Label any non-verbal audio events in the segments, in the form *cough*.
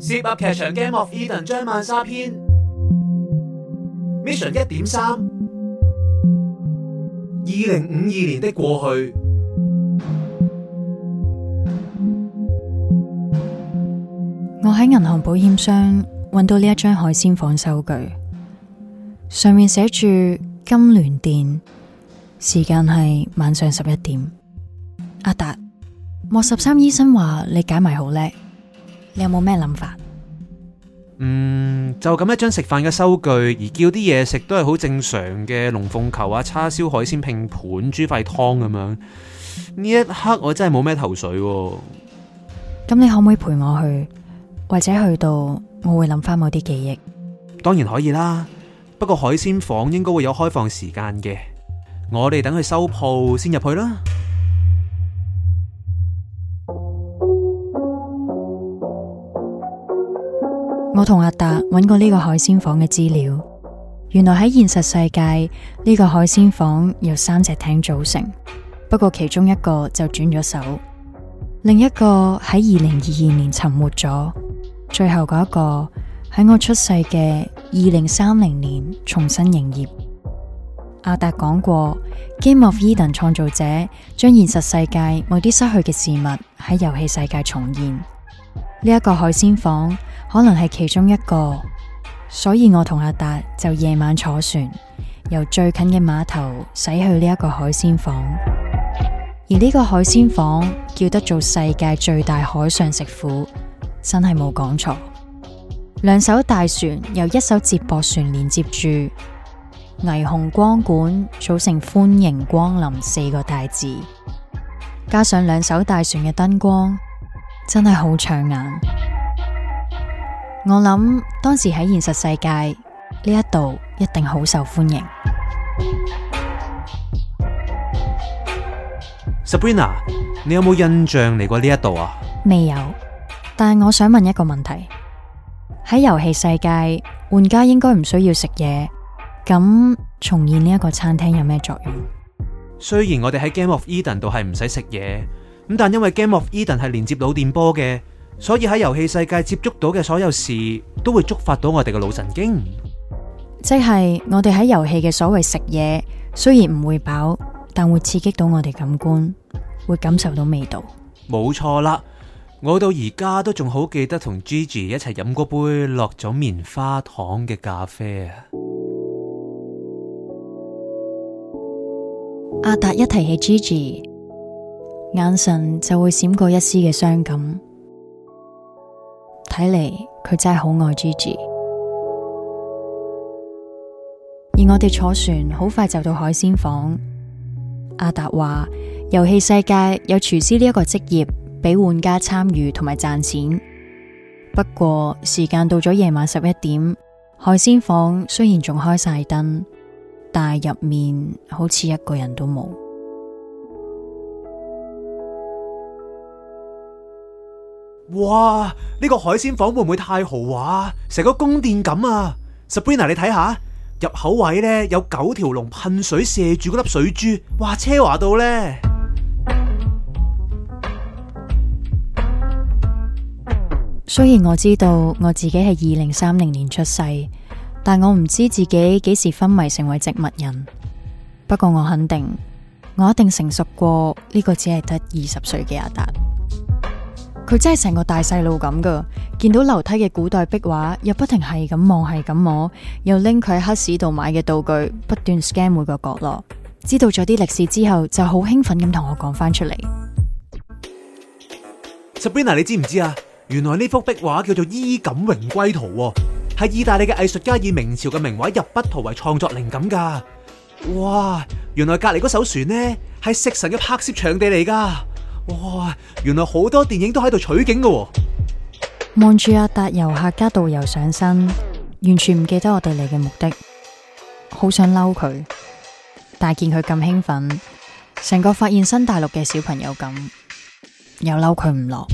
設入劇場 game of eden 張蔓莎篇 mission 一點三二零五二年的過去，我喺銀行保險箱揾到呢一張海鮮舫收據，上面寫住金鑾殿，時間係晚上十一點。阿達，莫十三醫生話你解謎好叻。你有冇咩諗法？嗯，就咁一張食飯嘅收據，而叫啲嘢食都係好正常嘅，龍鳳球啊、叉燒海鮮拼盤、豬肺湯咁樣。呢一刻我真係冇咩頭緒啊。咁你可唔可以陪我去，或者去到我會諗翻某啲記憶？當然可以啦，不過海鮮舫應該會有開放時間嘅。我哋等佢收鋪先入去啦。我同阿達揾過呢個海鮮舫嘅資料，原來喺現實世界，呢個海鮮舫由三隻艇組成，不過其中一個就轉咗手，另一個喺二零二二年沉沒咗，最後嗰一個喺我出世嘅二零三零年重新營業。阿達講過，《Game of Eden》創造者將現實世界某啲失去嘅事物喺遊戲世界重現。呢一個海鮮舫可能係其中一個，所以我同阿達就夜晚坐船，由最近嘅碼頭駛去呢一個海鮮舫。而呢個海鮮舫叫得做世界最大海上食府，真係冇講錯。兩艘大船由一艘接駁船連接住，霓虹光管組成歡迎光臨四個大字，加上兩艘大船嘅燈光。真係好搶眼，我諗當時喺現實世界，呢一度一定好受歡迎。Sabrina，你有冇印象嚟過呢一度啊？未有，但係我想問一個問題：喺遊戲世界，玩家應該唔需要食嘢，咁重現呢一個餐廳有咩作用 *music* 雖然我哋喺 Game of Eden 度係唔使食嘢。咁但因為 Game of Eden 係連接腦電波嘅，所以喺遊戲世界接觸到嘅所有事都會觸發到我哋嘅腦神經，即係我哋喺遊戲嘅所謂食嘢，雖然唔會飽，但會刺激到我哋感官，會感受到味道。冇錯啦，我到而家都仲好記得同 Gigi 一齊飲過杯落咗棉花糖嘅咖啡啊！阿達一提起 Gigi，眼神就會閃過一絲嘅傷感，睇嚟佢真係好愛 Gigi。而我哋坐船好快就到海鮮舫阿達。阿達話：遊戲世界有廚師呢一個職業，俾玩家參與同埋賺錢。不過時間到咗夜晚十一點，海鮮舫雖然仲開晒燈，但係入面好似一個人都冇。哇！呢個海鮮舫會唔會太豪華？成個宮殿咁啊！Sabrina，你睇下入口位呢，有九條龍噴水射住嗰粒水珠，哇，奢華到呢！雖然我知道我自己係二零三零年出世，但我唔知自己幾時昏迷成為植物人。不過我肯定，我一定成熟過呢個只係得二十歲嘅阿達。佢真係成個大細路咁噶，見到樓梯嘅古代壁畫，又不停係咁望係咁摸，又拎佢喺黑市度買嘅道具，不斷 scan 每個角落。知道咗啲歷史之後，就好興奮咁同我講返出嚟。Sabrina，你知唔知啊？原來呢幅壁畫叫做《衣錦榮歸圖》，係意大利嘅藝術家以明朝嘅名畫《入蹕圖》為創作靈感噶。哇，原來隔籬嗰艘船呢，係食神嘅拍攝場地嚟噶。哇！原來好多電影都喺度取景㗎喎。望住阿達遊客加導遊上身，完全唔記得我哋嚟嘅目的，好想嬲佢，但見佢咁興奮，成個發現新大陸嘅小朋友咁，又嬲佢唔落。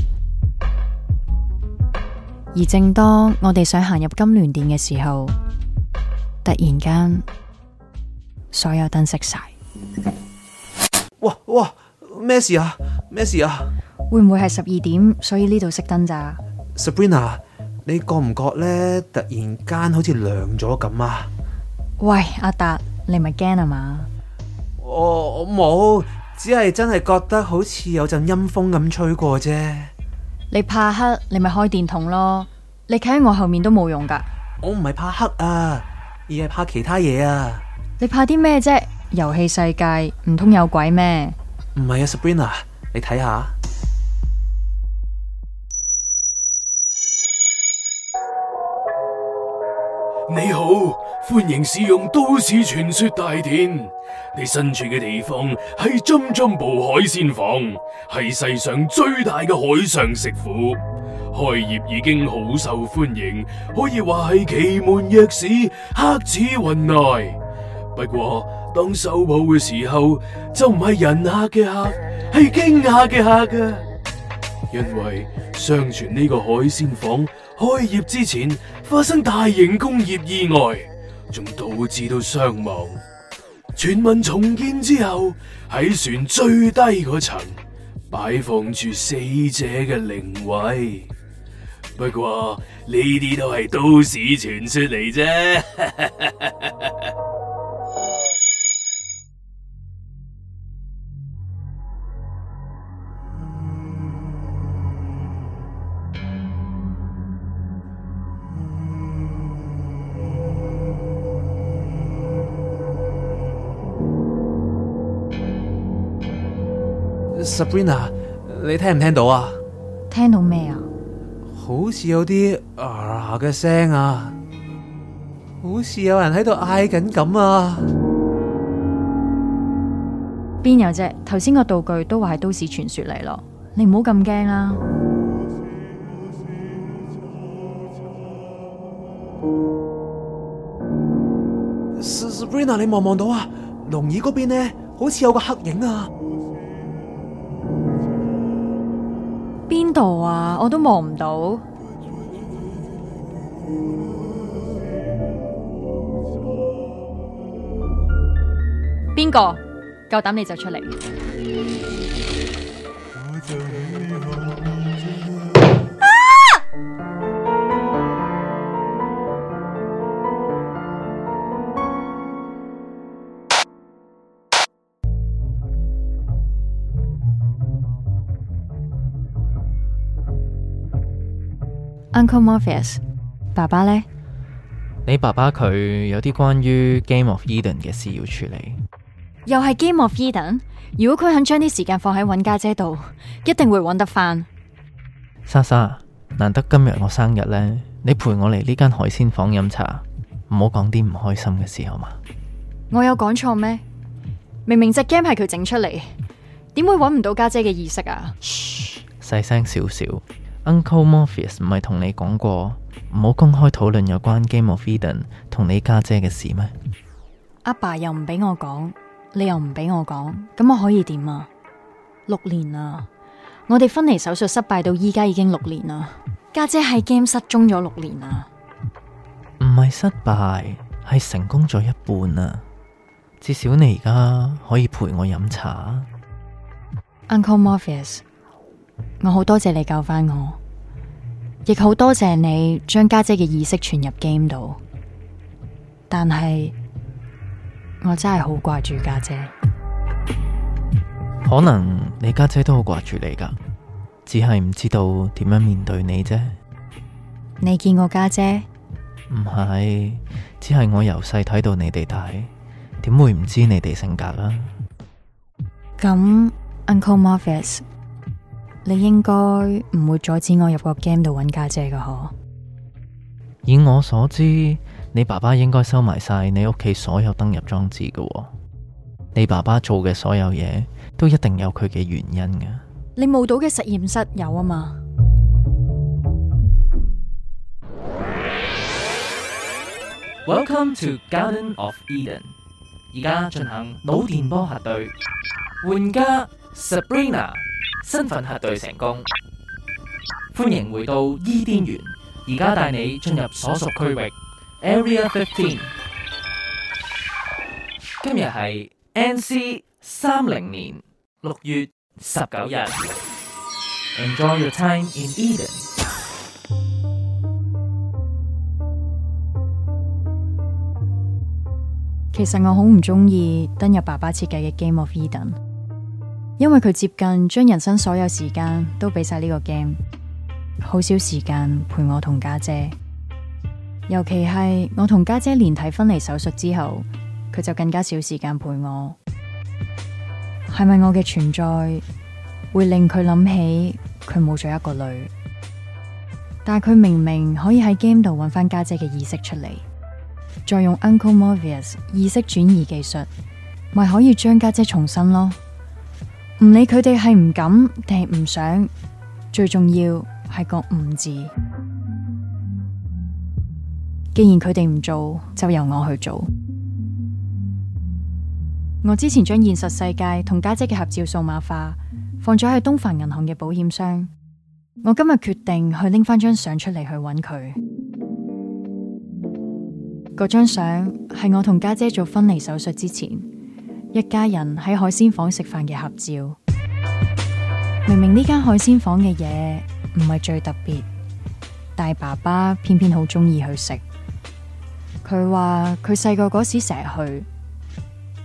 而正當我哋想行入金鑾殿嘅時候，突然間所有燈熄晒。哇哇！咩事啊？咩事啊？會唔會係十二點，所以呢度熄燈咋？Sabrina，你覺唔覺咧？突然間好似涼咗咁啊！喂，阿達，你咪驚啊嘛？我我冇，只係真係覺得好似有陣陰風咁吹過啫。你怕黑，你咪開電筒咯。你企喺我後面都冇用噶。我唔係怕黑啊，而係怕其他嘢啊。你怕啲咩啫？遊戲世界，唔通有鬼咩？唔係啊，Sabrina，你睇下。你好，歡迎使用《都市傳說大典》。你身處嘅地方係 Jum Jum Bo 海鮮舫，係世上最大嘅海上食府，開業已經好受歡迎，可以話係其門若市，客似雲來。不過當收鋪嘅時候，就唔係人客嘅客，係驚嚇嘅客噶、啊。因為相傳呢個海鮮舫開業之前發生大型工業意外，仲導致到傷亡。傳聞重建之後，喺船最低嗰層擺放住死者嘅靈位。不過呢啲都係都市傳說嚟啫。 *laughs* Sabrina 你聽唔聽到啊？聽到咩、呃、啊？好似有啲啊嘅聲啊，好似有人喺度嗌緊咁啊！邊有啫？頭先個道具都話係都市傳說嚟咯，你唔好咁驚啊。Sabrina 你望望到啊？龍 *music* 椅嗰邊呢，好似有個黑影啊！邊度啊？我都望唔到。邊個！夠膽你就出嚟！ *music* *music* Uncle m o r 爸爸呢？你爸爸佢有啲關於 Game of Eden 嘅事要處理。又係 Game of Eden？如果佢肯將啲時間放喺揾家姐度，一定會揾得返。莎莎，難得今日我生日呢，你陪我嚟呢間海鮮房飲茶，唔好講啲唔開心嘅事好嘛？我有講錯咩？明明隻 game 係佢整出嚟，點會揾唔到家姐嘅意識啊？細聲少少。Uncle Morpheus，唔係同你講過唔好公開討論有關 Game of Eden 同你家姐嘅事咩？阿爸又唔俾我講，你又唔俾我講，咁我可以點啊？六年啦，我哋分離手術失敗到依家已經六年啦，家姐喺 Game 失蹤咗六年啦。唔係失敗，係成功咗一半啊！至少你而家可以陪我飲茶，Uncle Morpheus。我好多謝你救翻我，亦好多謝你將家姐嘅意識傳入 game 度。但係我真係好掛住家姐。可能你家姐都好掛住你噶，只係唔知道點樣面對你啫。你見我家姐？唔係，只係我由細睇到你哋大，點會唔知你哋性格啊？咁 Uncle Marvius 你應該唔會阻止我入個 game 度揾家姐噶，嗬，以我所知，你爸爸應該收埋晒你屋企所有登入裝置噶。你爸爸做嘅所有嘢，都一定有佢嘅原因噶。你冇到嘅實驗室有啊嘛？Welcome to Garden of Eden。而家進行腦電波核對，玩家 Sabrina。身份核對成功，歡迎回到伊甸園，而家帶你進入所屬區域 Area 15。今日係 NC 三零年六月十九日。Enjoy your time in Eden。其實我好唔中意登入爸爸設計嘅 Game of Eden。因為佢接近將人生所有時間都俾晒呢個 game，好少時間陪我同家姐。尤其係我同家姐連體分離手術之後，佢就更加少時間陪我。係咪我嘅存在會令佢諗起佢冇咗一個女？但係佢明明可以喺 game 度揾翻家姐嘅意識出嚟，再用 Uncle Morbius 意識轉移技術，咪可以將家姐重生咯？唔理佢哋係唔敢定係唔想，最重要係個唔字。既然佢哋唔做，就由我去做。我之前將現實世界同家姐嘅合照數碼化，放咗喺東凡銀行嘅保險箱。我今日決定去拎返張相出嚟，去揾佢。嗰張相係我同家姐做分離手術之前。一家人喺海鮮舫食飯嘅合照，明明呢間海鮮舫嘅嘢唔係最特別，但爸爸偏偏好鍾意去食。佢話佢細個嗰時成日去，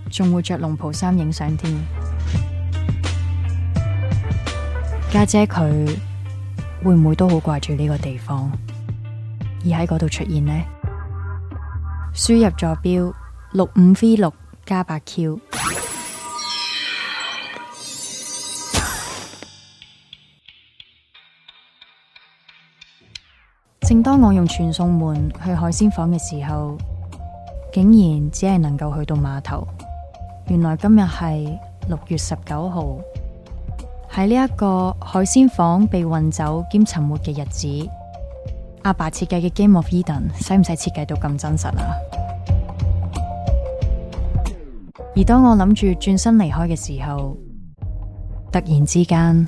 仲會着龍袍衫影相添。家姐佢會唔會都好掛住呢個地方，而喺嗰度出現呢？輸入坐標六五 V 六。加八 Q。正當我用傳送門去海鮮舫嘅時候，竟然只係能夠去到碼頭。原來今日係六月十九號，喺呢一個海鮮舫被運走兼沉沒嘅日子，阿爸設計嘅 Game of Eden 使唔使設計到咁真實啊？而當我諗住轉身離開嘅時候，突然之間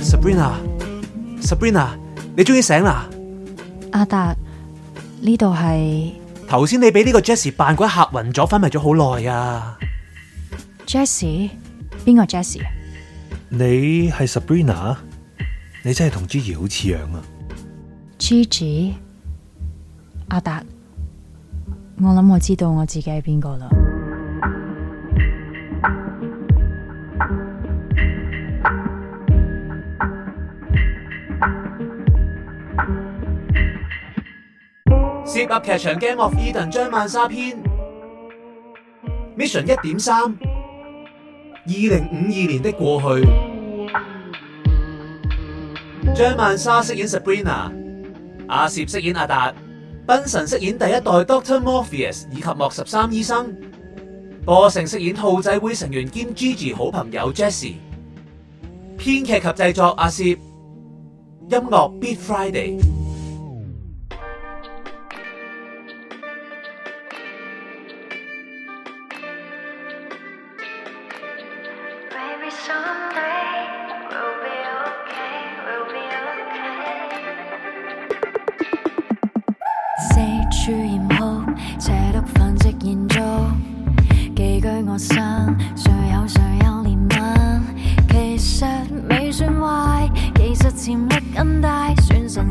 ，Sabrina，Sabrina，你終於醒啦！阿達，呢度係頭先你俾呢個 Jessie 扮鬼嚇暈咗，昏迷咗好耐啊！Jessie，邊個 Jessie？你係 Sabrina，你真係同 Gigi 好似樣啊！Gigi。阿達，我諗我知道我自己係邊個啦。Zip 噏劇場 Game of Eden，張蔓莎篇，Mission 一點三。二零五二年的過去，張蔓莎飾演 Sabrina，阿攝飾演阿達，賓神飾演第一代 Doctor Morpheus 以及莫十三醫生，波成飾演好仔會成員兼 Gigi 好朋友 Jessie，編劇及製作阿攝，音樂 Big Friday。 *music* *music*